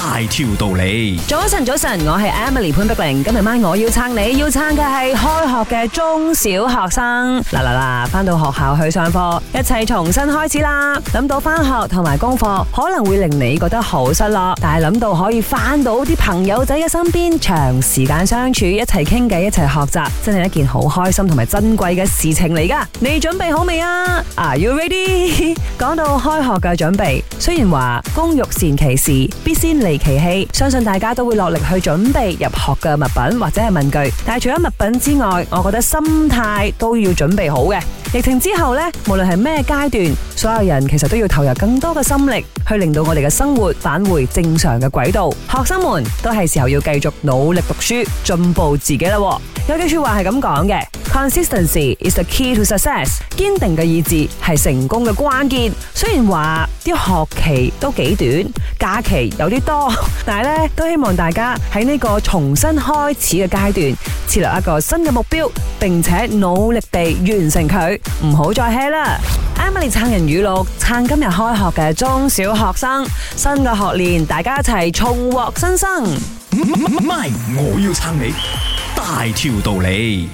大跳道理，早晨早晨，我係 Emily 潘碧玲。今日晚上我要撐你，要撐嘅係開學嘅中小學生。啦啦啦，翻到學校去上課，一切重新開始啦。諗到翻學同埋功課，可能會令你覺得好失落。但係諗到可以翻到啲朋友仔嘅身邊，長時間相處，一齊傾偈，一齊學習，真係一件好開心同埋珍貴嘅事情嚟噶。你準備好未啊？Are you ready？講到開學嘅準備，雖然話公欲善其事，必先嚟奇氣，相信大家都會落力去準備入學嘅物品或者係文具。但係除咗物品之外，我覺得心態都要準備好嘅。疫情之後咧，無論係咩階段，所有人其實都要投入更多嘅心力，去令到我哋嘅生活返回正常嘅軌道。學生們都係時候要繼續努力讀書，進步自己啦。有幾句話是這樣說，話係咁講嘅。Consistency is the key to success。堅定嘅意志係成功嘅關鍵。雖然話啲學期都幾短，假期有啲多，但係咧都希望大家喺呢個重新開始嘅階段，設立一個新嘅目標，並且努力地完成佢，唔好再吃啦。Emily 撐人語錄，撐今日開學嘅中小學生，新嘅學年，大家一齊重獲新生。MY，我要撐你，大條道理。